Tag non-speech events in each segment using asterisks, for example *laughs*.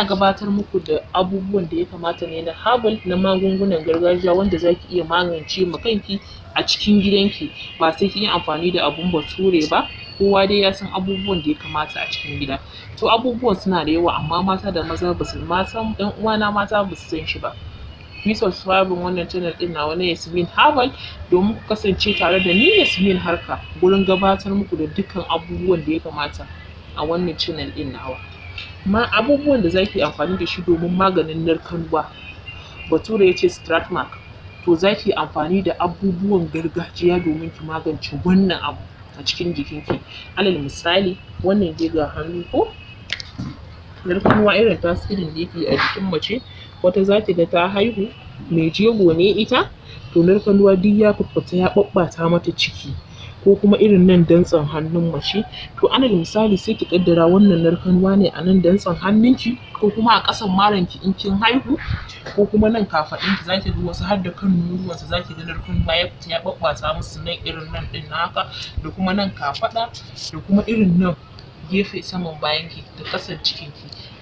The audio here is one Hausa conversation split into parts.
Ina gabatar muku da abubuwan da ya kamata ne na habal na magungunan gargajiya wanda za ki iya magance ma kanki a cikin gidanki ba sai kin yi amfani da abun bature ba. Kowa dai ya san abubuwan da ya kamata a cikin gida. To abubuwan suna da yawa amma mata da maza ba su ma san uwana mata ba su san shi ba. Ku yi wannan channel ɗin nawa na Yasmin habal domin ku kasance tare da ni Yasmin Harka wurin gabatar muku da dukkan abubuwan da ya kamata a wannan channel ɗin nawa. ma abubuwan da zaki amfani da shi domin maganin narkarwa bature ya ce stratmark to zaki amfani da abubuwan gargajiya domin ki magance wannan abu a cikin jikinki alal misali wannan dai ga hannu ko narkarwa irin tasirin da yake a jikin mace wata zaki ga ta haihu mai jego ne ita to narkarwa duk ya faffata ya ɓaɓɓata mata ciki ko kuma irin nan dantsan hannun mace to ana misali sai ki kaddara wannan narkarwa ne a nan dantsan hannunki ko kuma a ƙasan ki in kin haihu ko kuma nan kafaɗinki ki ki ga wasu har da kan nuruwansa zaki zaki ga narkarwa ya fita ya ɓaɓɓasa musu nan irin nan ɗin na haka da kuma nan kafaɗa da kuma irin nan gefe saman bayan bayanki da ƙasan ki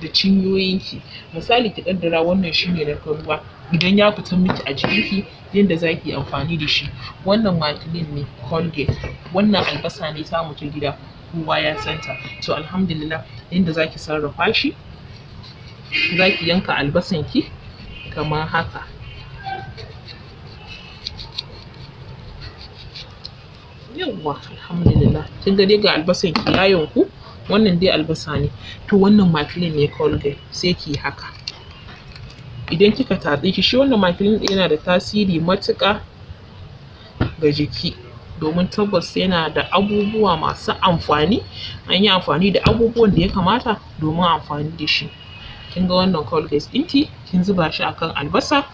da ki, misali ki kaddara wannan shine na ruwa idan ya fita miki a jikinki yadda za ki yi amfani da shi wannan makilin ne colgate wannan albasa ne ta mutu gida kowa ya santa to alhamdulillah yadda za ki sarrafa shi za ki yanka ki kamar haka yawwa alhamdulillah kin ga dai ga albasan ki yayon ku wannan dai albasa ne to wannan makilin ne colgate sai ki haka idan kika tatse shi shi wannan makilin ɗin yana da tasiri matuƙa ga jiki domin tabbas yana da abubuwa masu amfani an yi amfani da abubuwan da ya kamata domin amfani da shi kin ga wannan colgate ɗinki kin zuba shi akan albasa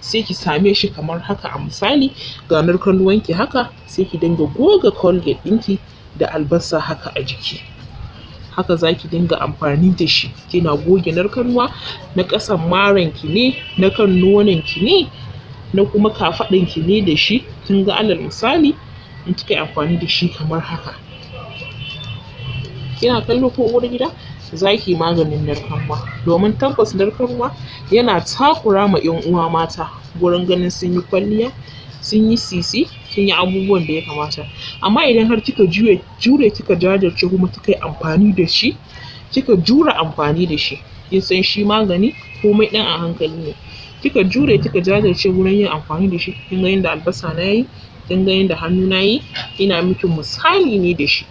sai ki same shi kamar haka a misali ga narkon ruwanki haka sai ki dinga goga colgate ɗinki da albasa haka a jiki haka zaki dinga amfani da shi kina goge narkarwa na ƙasan maran ki ne na kan nonon ki ne na kuma kafaɗin ki ne da shi kin ga alal misali in kika yi amfani da shi kamar haka kina kallo ko uwar gida zaki maganin narkarwa domin tabbas narkarwa yana takura ma 'yan uwa mata wurin ganin sun yi kwalliya sun yi sisi sun yi abubuwan da ya kamata amma idan har kika jure kika jajirce kuma kika yi amfani da shi kika jure amfani da shi kin san shi magani komai dan a hankali ne kika jure kika jajirce wurin yin amfani da shi kin ga yadda albasa na yi kin ga yadda hannu na yi ina miki misali ne da shi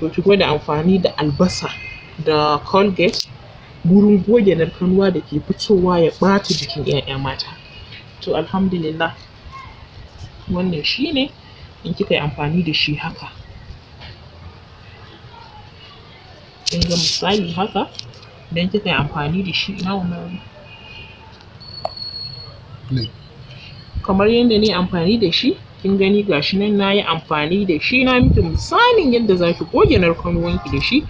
to ki gwada amfani da albasa da colgate gurin goge narkarwa da ke fitowa ya ɓata jikin 'ya'ya mata to alhamdulillah wannan shi ne in kika yi amfani da shi haka in ga misali haka idan kika yi amfani da shi ina wannan kamar yadda yi amfani da shi kin gani gashi nan na yi amfani da shi na miki misalin yadda za ki goge narkon ruwanki da shi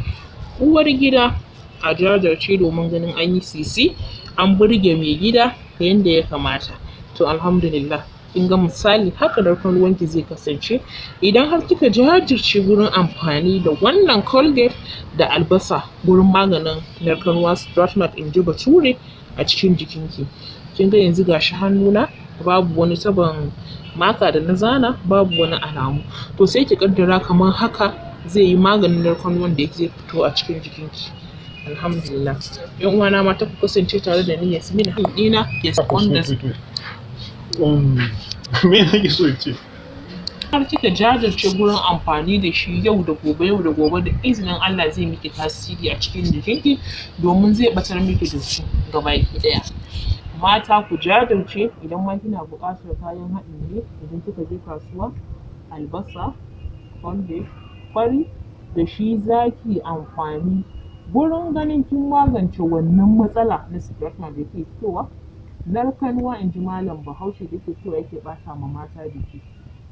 uwar gida a jajirce domin ganin an yi sisi an burge mai gida yadda ya kamata to alhamdulillah kin ga misali haka darkon ruwanki zai kasance idan har kika jajirce gurin amfani da wannan colgate da albasa gurin maganin narkon ruwa stratmat in ji bature a cikin jikinki kin ga yanzu gashi hannuna babu wani taban maka da na zana babu wani alamu to sai ki kaddara kamar haka zai yi maganin narkon ruwan da zai fito a cikin jikinki alhamdulillah yan uwana mata ku kasance tare da ni yasmin hamdina yes Um, *laughs* me nake so har kika jajirce gurin amfani da shi yau da gobe yau da gobe da izinin Allah zai miki tasiri a cikin jikinki domin zai batar miki su gaba ki daya mata ku jajirce idan ma kina buƙatar kayan haɗin ne idan kika je kasuwa albasa kwande kwari da shi zaki amfani gurin ganin kin magance wannan matsala na sigarta da ke fitowa Narkarwa, in ji Malam Bahaushe da yake cewa yake ɓata ma mata jiki.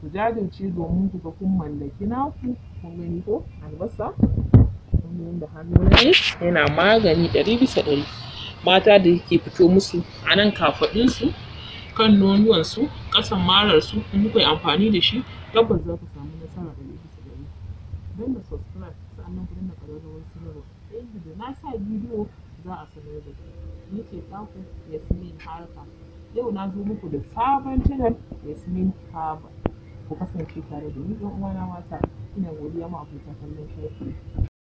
Ku jajirce domin ku ga kun mallaki naku, kun gani ko albasa, kun ga yadda ne yana magani ɗari bisa ɗari. Mata da yake fito musu a nan kafaɗinsu, kan nonuwansu, ƙasan mararsu, in kuka yi amfani da shi, tabbas za ku samu nasara ɗari bisa ɗari. Don da subscribe, sa'annan ku dinga ƙararrawar sanarwa. Ta da na sa bidiyo za a sanar da ku. nake saku Yasmin Harka. Yau na zo muku da sabon channel Yasmin Harka. Ku kasance tare da ni don uwana mata. Ina godiya ma abokan kallon shafi.